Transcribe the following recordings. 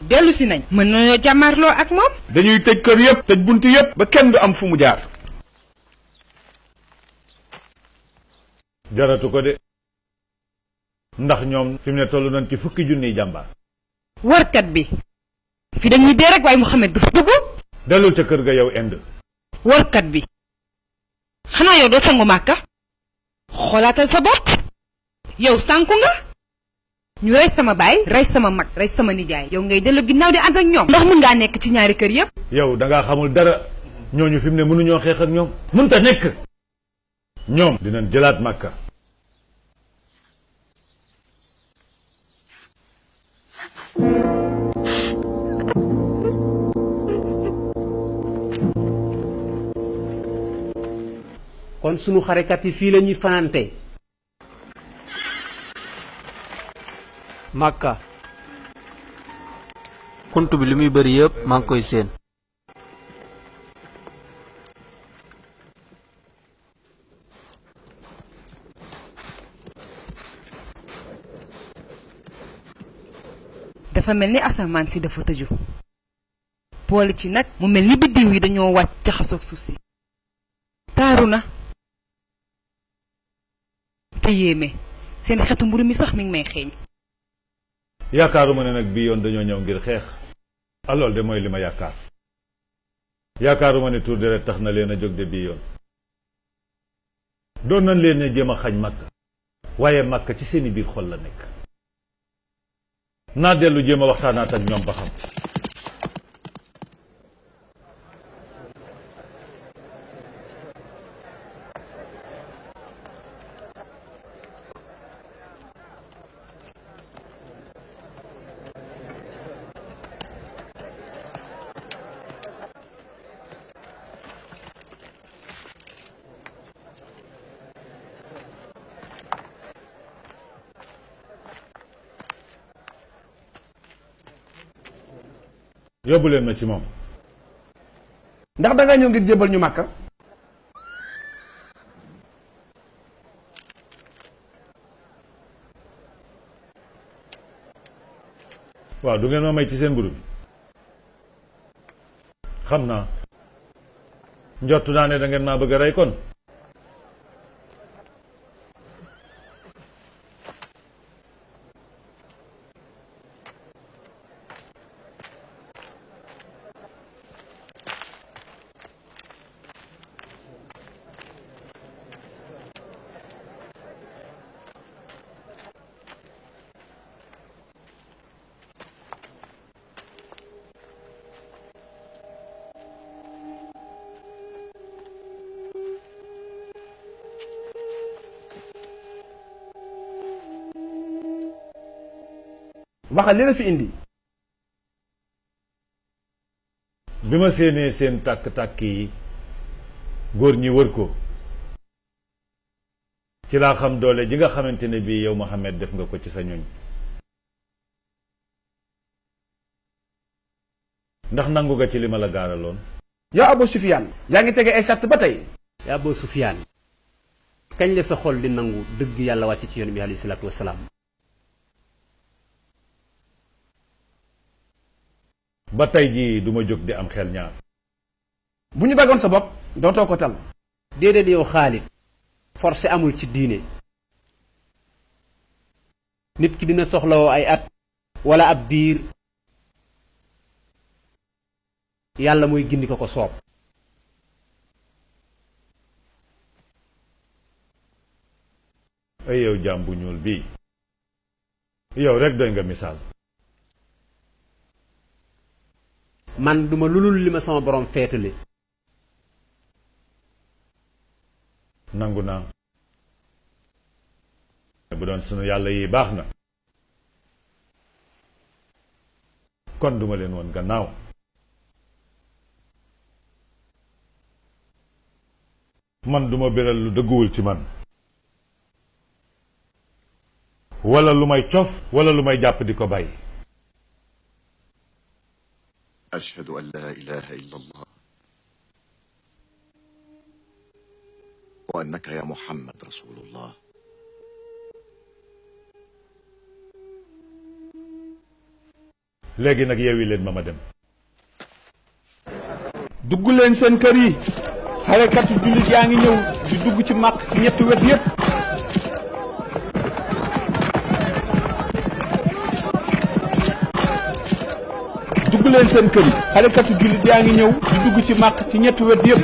dellusi nañ mën nañoo jàmmarloo ak moom dañuy tëj kër yëpp tëj bunt yépp ba kenn du am fu mu jaar jaratu ko de ndax ñoom fi ne toll nañ ci fukki junniy jàmbaar warkat bi fi dañuy dee rek waaye Mouhamed du fa dugg dellul ca kër ga yow ind warkat bi xanaa yow doo sangu màkka xoolaatal sa bopp yow sànku nga ñu rey sama baay rey sama mag rey sama nijaay yow ngay dellu ginnaaw di ànd ak ñoom ndax mën ngaa nekk ci ñaari kër yëpp yow da ngaa xamul dara ñooñu fi mu ne mënuñoo xeex ak ñoom mën ta nekk ñoom dinañ jëlaat màkka kon sunu xarekat yi fii lañuy ñuy fanante Makka. xunt bi li muy bëri yëpp maa ngi koy seen. dafa mel ni asamaan si dafa tëju. boole ci nag mu mel ni biddiw yi dañoo wàcc jaxasoog suuf si. taaru na. te yéeme seen xetu mburu mi sax mi may xeeñ. yaakaaruma ne nag bii yoon dañoo ñëw ngir xeex alool ah, de mooy li ma yaakaar yaakaaruma ne tuur deret tax na leen a jóg de bii yoon doon nañ leen a jéem a xañ màkk waaye màkk ci seeni biir xol la nekk naa dellu jéem a waxtaanaat ak ñoom ba xam yóbbuleen ma ci moom. ndax da nga ñëw ngir jébal ñu màkka. waaw du ngeen ma may ci seen groupe bi. xam naa. njortu naa ne dangeen ngeen maa bëgg a rey kon. waxal li la fi indi. bi ma séenee seen tàkk-tàkk yi góor ñi wër ko ci laa xam doole ji nga xamante ne bii yow Mohamed def nga ko ci sa ñoñ ndax nangu nga ci li ma la gaaraloon yaa Abu Sufyaan yaa ngi tege ay sàtt ba tey yaa Abu Sufyaan kañ la sa xol di nangu dëgg yàlla wàcc ci yoon bi alayhi salaatu wasalaam ba tey jii du ma jóg di am xel ñaar. bu ñu daggoon sa bopp dootoo ko tal. déedéet yow Xaalid forcé amul ci diine. nit ki dina soxlawoo ay at. wala ab biir yàlla muy gindi ko ko soob. ay yow jaam bu ñuul bii. yow rek doy nga misaal. man duma lulul li ma sama borom feetale nangu naa bu doon sunu yàlla yi baax na kon duma leen woon gannaaw man duma beral lu dëgguwul ci man wala lu may cof wala lu may jàpp di ko bàyyi أشهد أن لا إله إلا الله وأنك يا محمد رسول الله léegi nag yeewi leen ma ma dem dugg leen seen kër yi xarekatu jullit yaa ngi ñëw di dugg ci màkk ci ñetti wet yépp leen seen kër yi xalikatu jullit yaa ngi ñëw di dugg ci màq ci ñetti wet yëpp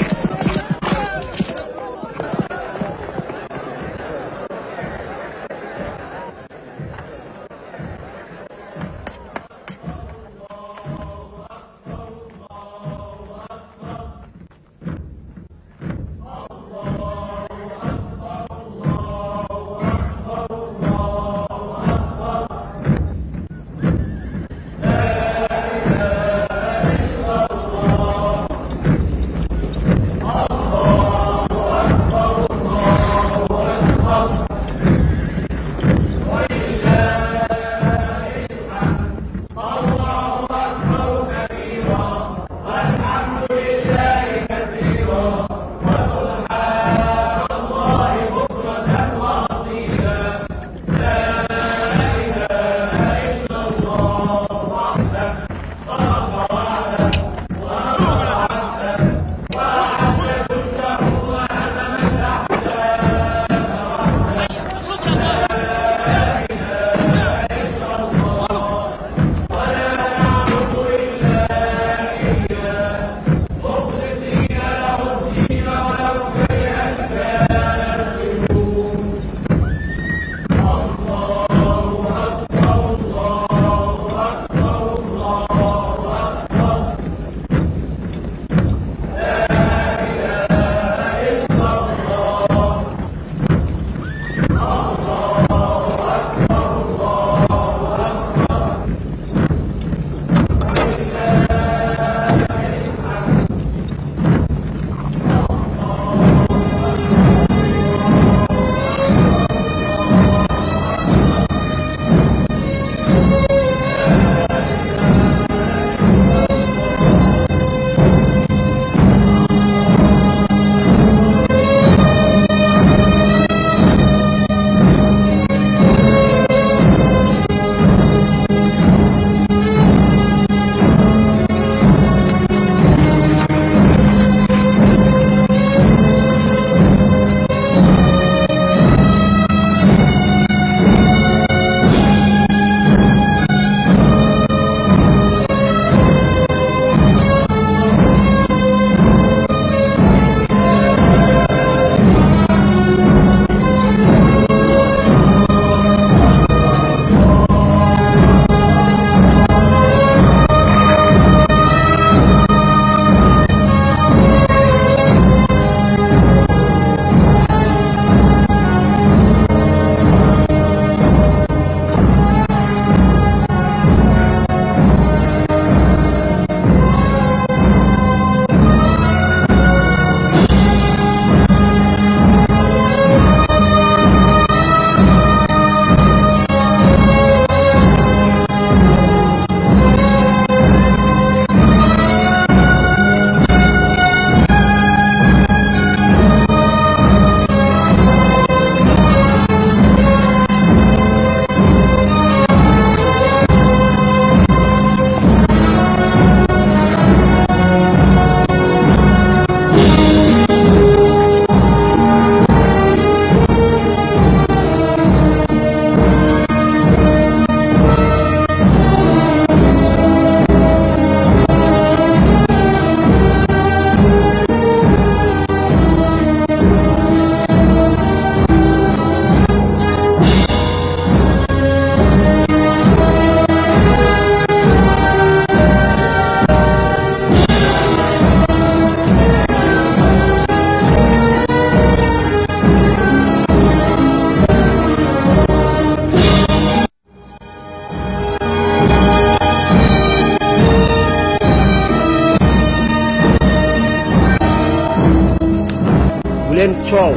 leen coow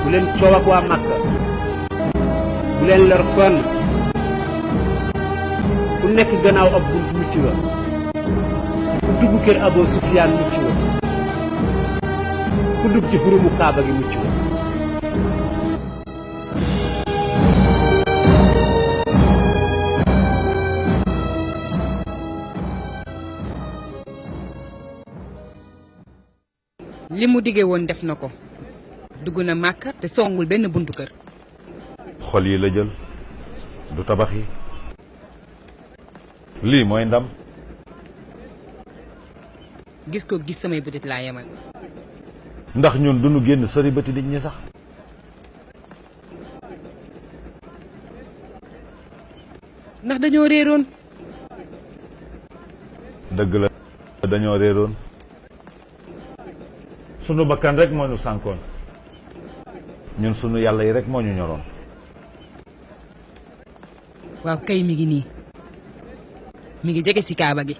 bu leen coow ak waa Màkka bu leen lor kon ku nekk gannaaw ab bunt mucc nga ku dugg kër Abo Sufyaan mucc nga ku dugg ci xurumu Kaaba gi mucc nga li mu diggee woon def na ko dugg na Màkka te songul benn buntu kër. xol yi la jël du tabax yi. lii mooy ndam. gis ko gis samay bëtit laa yemal. ndax ñun du ñu génn sori bëti nit ñi sax. ndax dañoo réeroon. dëgg la dañoo réeroon. sunu bakkan rek moo ñu sànkoon ñun sunu yàlla yi rek moo ñu ñoroon. waaw kay mi ngi nii mi ngi jege ci kaaba gi.